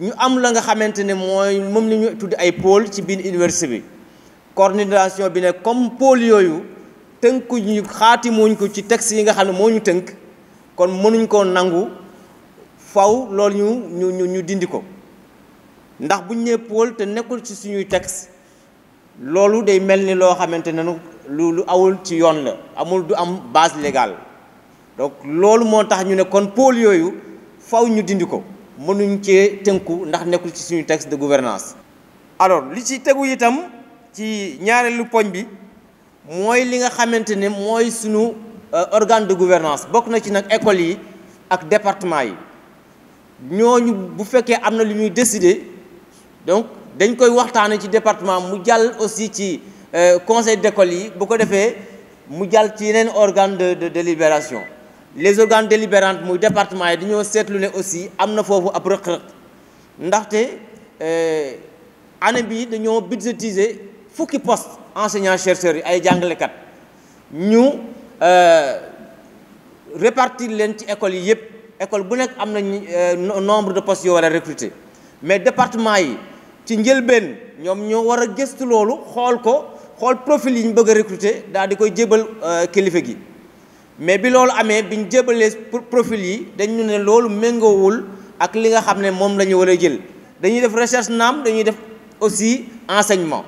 ñu am la nga xamante ne mooy moom la ñu tudd ay pôle ci biir université bi coordination bi ne comme pôle yooyu tënkuñu xaatimuñ ko ci texte yi nga xam ne moo ñu tënk kon mënuñ koo nangu faw loolu ñu ñu ñu dindi ko ndax buñ nee pôle te nekkul ci suñuy texte loolu day mel ni loo xamante ne lu lu awul ci yoon la amul du am base légal donc loolu moo tax ñu ne kon pôle yooyu faw ñu dindi ko mënuñ cee tënku ndax nekkul ci suñu texte de gouvernance alors li ci tegu itam ci ñaareelu poñ bi mooy li nga xamante ne mooy suñu euh, organe de gouvernance bokk na ci nag école yi ak département yi ñooñu bu fekkee am na lu ñuy décider donc dañ koy waxtaane ci département mu jàll aussi ci euh, conseil d'école yi bu ko defee mu jàll ci yeneen organe de de délibération les organes délibérants du département yi dañoo seetlu ne aussi am fofu foofu ab rëq-rëq ndaxte euh, année bi dañoo budgétiser fukki poste enseignant chercheurs à ay jàngalekat ñu euh, répartir leen ci écoles yi école bu nekk euh, nombre de postes qu'on va recruter mais département yi ci nous ñoom ñoo war a gëstu co, xool ko profil yi ñu bëgg recruter daal di koy jébal kilifa gi mais bi loolu amee biñ jébalee profil yi dañ ñu ne loolu méngoowul ak li nga xamné mom lañu la ñu jël dañuy def recherche nam dañuy def aussi enseignement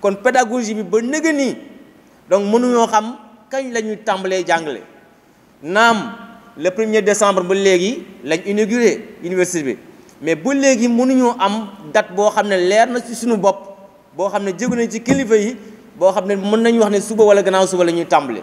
kon pédagogie bi ba neugani donc donc ñu xam kañ lañu tambalé tàmbalee nam le 1er décembre ba légui lañ inauguré université bi mais bu légui léegi ñu am date bo xamné ne na ci suñu bop bo xamné ne na ci kilifa yi bo xamné mën nañ wax né suba wala gannaaw suba la tambalé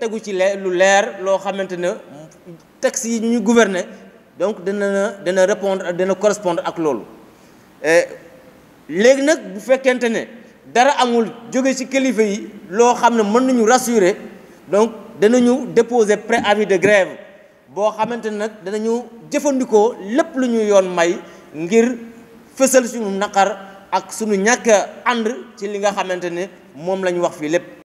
tegu ci le lu leer loo xamante ne texte yi ñu gouverner donc dana dana répondre dana correspondre ak loolu léegi nag bu fekkente dara amul jóge ci kilifa yi loo xam ne mën nañu rassurer donc danañu déposer préavis de grève boo xamante ne nag danañu jëfandikoo lépp lu ñu yoon may ngir fësal suñu naqar ak suñu ñàkk ànd ci li nga xamante ne moom wax fii lépp